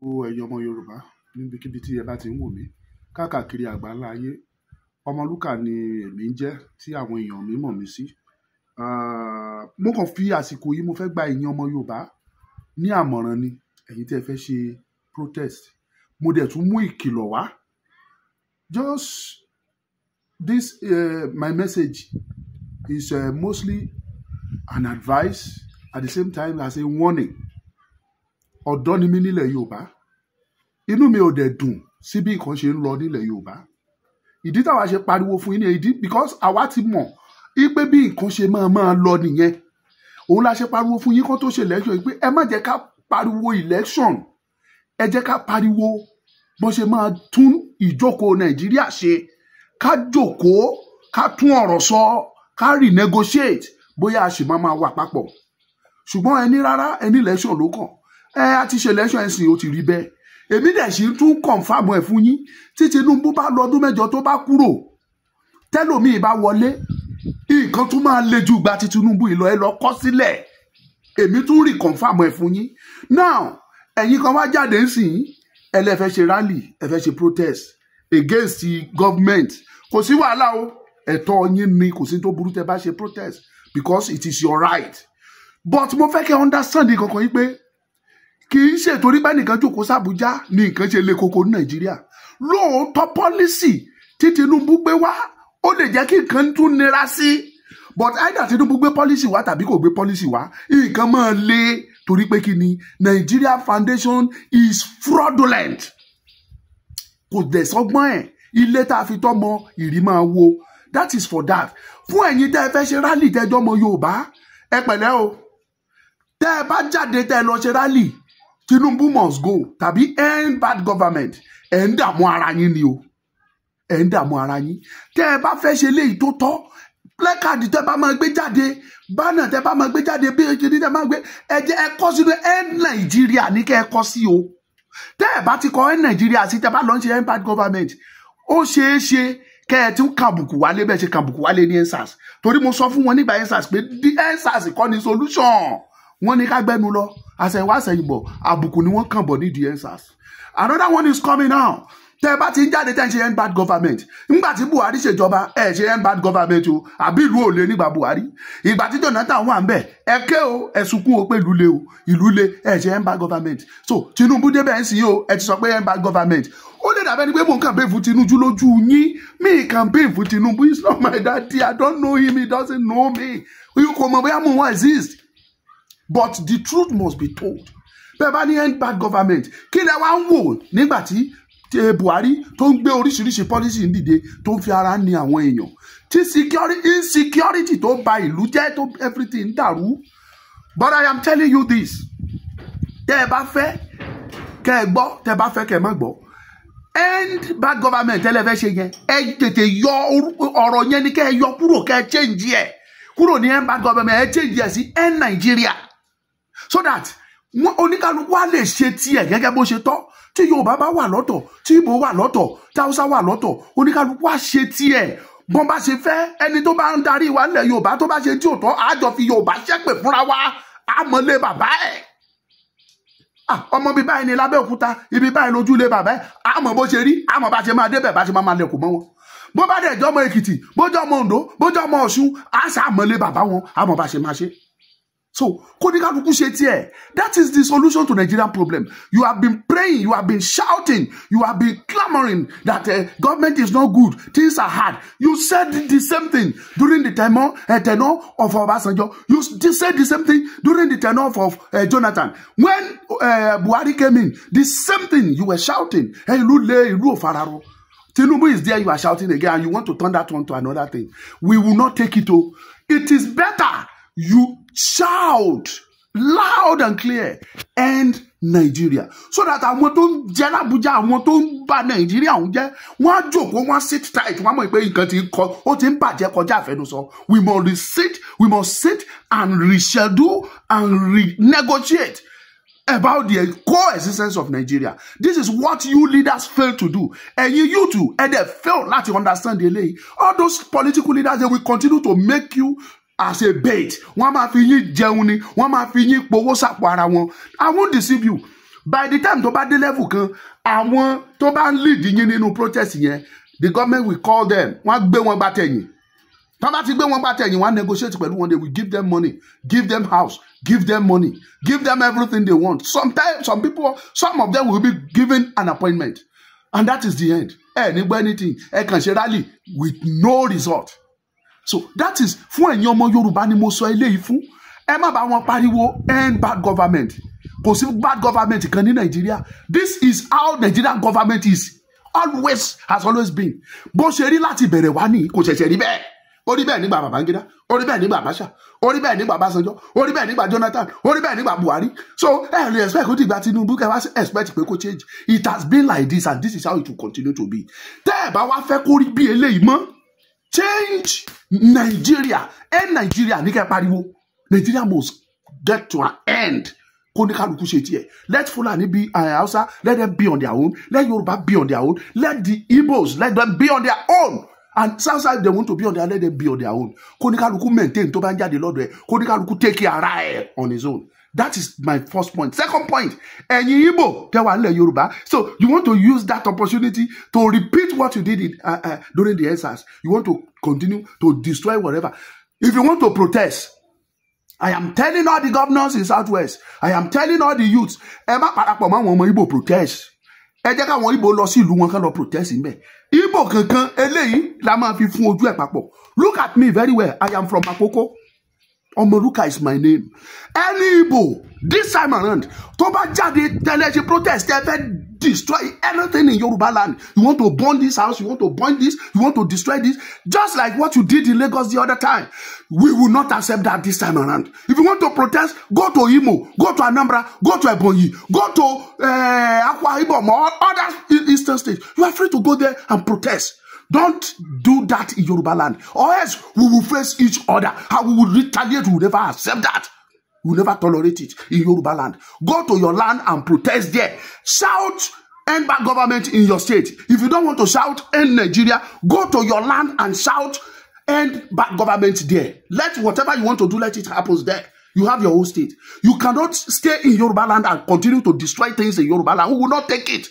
gbogbo ẹ̀yọ́ ọmọ yorùbá níbikíbi tí ẹ bá ti ń wò mí káàkiri àgbáńlá ayé ọmọlúkà ni èmi ń jẹ́ tí àwọn èèyàn mi mọ̀ mí sí mo kàn fi àsìkò yìí mo fẹ́ gba ẹ̀yin ọmọ yorùbá ní àmọ̀ràn ni ẹ̀yin tí ẹ fẹ́ ṣe protest mo dẹ̀ tún mú ìkìlọ̀ wá just this uh, my message is uh, mostly an advice at the same time as a warning ọ̀dọ́ ni mí nílẹ̀ Yorùbá inú mi ò dẹ̀ dùn sí bí nǹkan ṣe ń lọ nílẹ̀ Yorùbá ìdí táwa ṣe pariwo fún yín ni ìdí because àwa ti mọ̀ pé bí nǹkan ṣe máa máa lọ nìyẹn òun la ṣe pariwo fún yín kan tó ṣe election yìí pé ẹ má jẹ́ ká pariwo election ẹ jẹ́ ká pariwo bọ́n ṣe máa tún ìjókòó Nàìjíríà ṣe ká jókòó ká tún ọ̀rọ̀ sọ ká renegotiate bóyá a sì máa máa wà papọ̀ ṣùgbọ́n ẹni rárá ẹni election ló kàn ẹ a ti ṣe election ẹ̀sìn ó ti rí bẹ́ẹ̀ èmi dẹ̀ sì tún kọ̀nfàmù ẹ̀ fún yín tí Tinubu bá lọ ọdún mẹ́jọ tó bá kúrò tẹ́lòmíì bá wọlé nǹkan tún máa le ju gba ti Tinubu ìlọ ẹ lọ kọ́ sílẹ̀ èmi tún rí kọ̀nfàmù ẹ̀ fún yín now ẹ̀yin kan wá jáde ńsìn ẹlẹ́fẹ́ ṣe rally ẹ̀fẹ́ ṣe protest against the government kò sí wàhálà o ẹ̀tọ́ yín ni kò sí tó burú tẹ́ bá ṣe protest because it is your right but mo fẹ́ kẹ́ understand kankan yín pé kì í ṣe torí bá nìkan jókòó sàbújá ni nǹkan ṣe le koko ní nàìjíríà lóòótọ́ pọ́lísì tí tinubu gbé wá ó lè jẹ́ kí nǹkan tún nira sí but either tinubu gbé pọ́lísì wá tàbí kò gbé pọ́lísì wá nǹkan máa le torí pé kí ni nigeria foundation is fraudulent kò dẹ̀ sọ́gbọ́n ẹ̀ ilé tá a fi tọ́mọ ìrì máa wo that is for that fún ẹ̀yin tẹ́ ẹ fẹ́ ṣe rálì tẹ́jọ́ ọmọ yorùbá ẹ pẹ̀lẹ́ o tẹ́ ẹ bá jáde tẹ́ ẹ lọ ṣe rálì Tinubu must go tàbí end bad government ẹ̀ ń dààmú ara yín ni o ẹ̀ ń dààmú ara yín tẹ́ ẹ bá fẹ́ ṣe léyìí tó tọ́ plẹ́kàdì tẹ́ bá máa gbé jáde bánà tẹ́ bá máa gbé jáde bí ojúdi tẹ́ máa gbé ẹ ẹ kọ́ sínú end Nàìjíríà ní kẹ́ ẹ kọ́ sí o tẹ́ ẹ bá ti kọ́ end Nàìjíríà sí tẹ́ bá lọ́n ṣe end bad government ó ṣeé ṣe kẹ́ ẹ ti ń kàbùkù wálé bẹ́ẹ̀ ṣe kàbùkù wálé ní EndSARS torí mo sọ fún wọn nígbà EndSARS pé EndSARS kọ́ ni solution wọ́n ní ká gbẹ́nu lọ àṣẹ̀wá àṣẹ̀yìnbọ̀ àbùkù ni wọ́n kàn bọ̀ nídìí ensars another one is coming now tẹ bá ti ń jáde tẹ ń ṣe end bad government nígbà tí Buhari ṣèjọba ẹ ṣe end bad government o àbí ìlú ò lè nígbà Buhari ìgbà tí Jonathan wà ń bẹ ẹ ké o ẹ sunkún o pé ìlú le o ìlú le ẹ ṣe end bad government so Tinubu débẹ̀ ń sìn o ẹ ti sọ pé end bad government ó lè dàbẹ́ ni pé mò ń campaign fún Tinubu lójú yín mi campaign fún Tinubu he's not my daddy I don't know him he doesn't know me kò mọ̀ bóyá mo wọ́n exist but the truth must be told bẹ́ẹ̀ bá ní end bad government kí lẹ wá ń wò nígbà tí Buhari tó ń gbé oríṣiríṣi policy ń dìde tó ń fi ara ní àwọn èèyàn tí insecurity tó ba ìlú jẹ́ tó everything ń dàrú but I am telling you this tẹ́ ẹ bá fẹ́ kẹ́ ẹ gbọ́ tẹ́ ẹ bá fẹ́ kẹ́ ẹ má gbọ́ end bad government tẹ́lẹ̀ fẹ́ ṣe yẹn ẹ tètè yọ ọ̀rọ̀ yẹn ni kẹ́ ẹ yọ kúrò kẹ́ ẹ change ẹ kúrò ní end bad government ẹ change ẹ sí end Nigeria so that wọn oníkálukú á lè ṣe tiẹ̀ gẹ́gẹ́ bó ṣe tọ́ tí yorùbá bá wà lọ́tọ̀ tí ìbò wà lọ́tọ̀ tí haúsá wà lọ́tọ̀ oníkálukú á ṣe tiẹ̀ bọ́n bá ṣe fẹ́ ẹni tó bá ń darí wa nílẹ̀ yorùbá tó bá ṣe tí ò tọ́ àjọ fi yorùbá ṣépè fúnra wa àmọ́lé bàbá ẹ̀ ọmọ bíi báyìí ni lábẹ́òkúta ibi báyìí lójú ilé bàbá ẹ̀ àmọ́ bó ṣe rí àmọ́ bá ṣe máa débẹ̀ bá ṣe máa lẹ̀kùn mọ́ wọn bó bá dẹ̀ jọmọ èkìtì bó jọmọ oǹdó bó jọmọ ọ̀ṣun àṣà àmọ́lé bàbá wọn àmọ́ bá ṣe máa ṣe So, that is the solution to Nigerian problem. You have been praying, you have been shouting, you have been clamoring that uh, government is not good, things are hard. You said the same thing during the tenor, uh, tenor of Obasanjo. You said the same thing during the tenor of, uh, Jonathan. When uh, Buhari came in, the same thing you were shouting. Hey, Lule, Ilu Fararo. Tinubu is there, you are shouting again, and you want to turn that one to another thing. We will not take it. Oh. It is better you shout loud and clear end Nigeria so that àwọn tó ń jẹ l'Abuja àwọn tó ń ba Nigeria òun jẹ wọn á jókòó wọn á sit tight wọn á mọ̀ pé nǹkan ti kọ ó ti ń bàjẹ́ kọjá àfẹnusọ we must resit we must sit and reschedule and renegotiate about the coexistence of Nigeria. This is what you leaders fail to do. And you, you too, and they fail láti understand the lay. All those political leaders, they will continue to make you as a bait wọ́n máa fi yín jẹun ni wọ́n máa fi yín powó sàpò ara wọn i won't deceive you by the time tó bá dé level kan àwọn tó bá ń lead yín nínú protest yẹn the government will call them wọ́n gbé wọn gba tẹ̀yìn tó bá ti gbé wọn gba tẹ̀yìn wọ́n negotiate pẹ̀lú wọn they will give them money give them house give them money give them everything they want sometimes some people some of them will be given an appointment and that is the end ẹ ní gbọ́ anything ẹ kàn ṣe rally with no result so that is fún ẹ̀yin ọmọ Yorùbá ni mo sọ eléyìí fún ẹ má bá wọn pariwo end bad government kò sí bad government kan ní Nàìjíríà this is how Nigerian government is always has always been bó ṣe rí láti bẹ̀rẹ̀ wá nìyí kò ṣẹ̀ṣẹ̀ rí bẹ́ẹ̀ ó bẹ́ẹ̀ nígbà Babangida ó rí bẹ́ẹ̀ nígbà Abacha ó rí bẹ́ẹ̀ nígbà Ọbásanjọ́ ó bẹ́ẹ̀ nígbà Jonathan ó rí bẹ́ẹ̀ nígbà Buhari so ẹ lè expect kó dìgbà Tinubu kẹ wá expect pé kó change it has been like this and this is how it will continue to be tẹ́ ẹ bá wá fẹ́ kó bí eléyìí mọ́ change Nigeria end Nigeria ní ká pariwo Nigeria must get to an end kó ṣe tiẹ̀ let Fulani be eh, Hausa let them be on their own let Yoruba be on their own let the Igbos let them be on their own and south side they want to be on their let them be on their own kó ní maintain tó bá ń jáde lọ́dọ̀ ẹ̀ kó take care ara ẹ̀ on his own That is my first point. Second point, ẹ̀yin Igbo tẹ́ wà nílẹ̀ Yorùbá. So you want to use that opportunity to repeat what you did in, uh, uh, during the SARS. You want to continue to destroy whatever. If you want to protest, I am telling all the governors in Southwest. I am telling all the youths. Ẹ má parapọ̀ mọ́ àwọn ọmọ Igbo protest. Ẹ jẹ́ káwọn Igbo lọ sí ìlú wọn kán lọ protest níbẹ̀. Igbo kankan eléyìí la máa fi fún ojú ẹ̀ papọ̀. Look at me very well. I am from Akoko ọmọlúkà is my name any Igbo this time around tó bá jáde tẹ́lẹ̀ ṣe protest ẹ fẹ́ destroy anything in Yoruba land you want to burn this house you want to burn this you want to destroy this just like what you did in Lagos the other time we will not accept that this time around if you want to protest go to Imo go to Anambra go to Ebonyi go to uh, Akwa Ibom or other eastern states you are free to go there and protest Don't do that in Yoruba land, or else we will face each other. How we will retaliate, we will never accept that. We will never tolerate it in Yoruba land. Go to your land and protest there. Shout end bad government in your state. If you don't want to shout end Nigeria, go to your land and shout end bad government there. Let whatever you want to do, let it happen there. You have your own state. You cannot stay in Yoruba land and continue to destroy things in Yoruba land. We will not take it.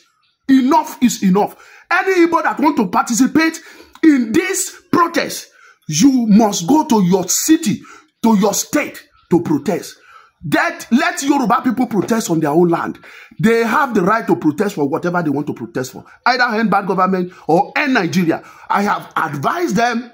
Enough is enough. Anybody that want to participate in this protest, you must go to your city, to your state to protest. That let Yoruba people protest on their own land. They have the right to protest for whatever they want to protest for, either hand bad government or end Nigeria. I have advised them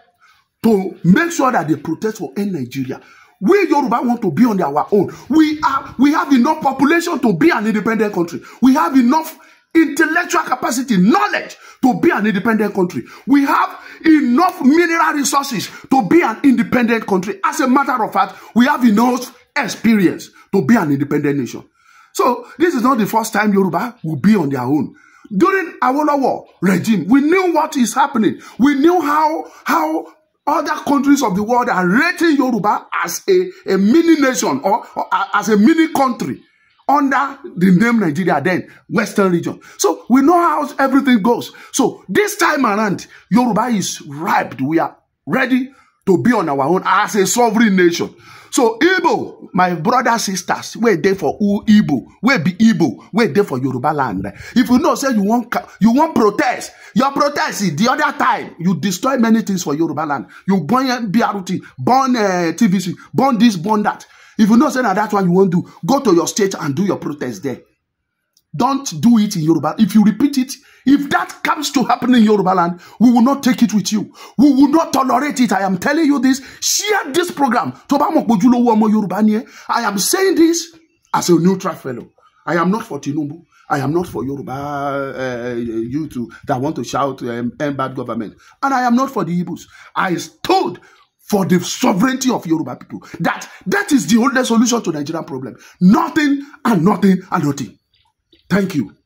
to make sure that they protest for end Nigeria. We Yoruba want to be on our own. We are we have enough population to be an independent country. We have enough intellectual capacity, knowledge to be an independent country. We have enough mineral resources to be an independent country. As a matter of fact, we have enough experience to be an independent nation. So this is not the first time Yoruba will be on their own. During Awolowo regime, we knew what is happening. We knew how how other countries of the world are rating Yoruba as a, a mini nation or, or as a mini country under the name Nigeria then, Western region. So we know how everything goes. So this time around, Yoruba is ripe. We are ready to be on our own as a sovereign nation. So Igbo, my brothers, sisters, we're there for who Igbo, we be Igbo, we're there for Yoruba land. If you know, say you want you want protest, your protest is the other time you destroy many things for Yoruba land. You burn BRT, burn uh, eh, TVC, burn this, burn that. If you know say that that's what you won't do, go to your state and do your protest there. Don't do it in Yoruba. If you repeat it, if that comes to happen in Yoruba land, we will not take it with you. We will not tolerate it. I am telling you this. Share this program. I am saying this as a neutral fellow. I am not for Tinubu. I am not for Yoruba uh, you two that want to shout um, bad government. And I am not for the Igbos. I stood for the sovereignty of Yoruba people. That that is the only solution to Nigerian problem. Nothing and nothing and nothing. Thank you.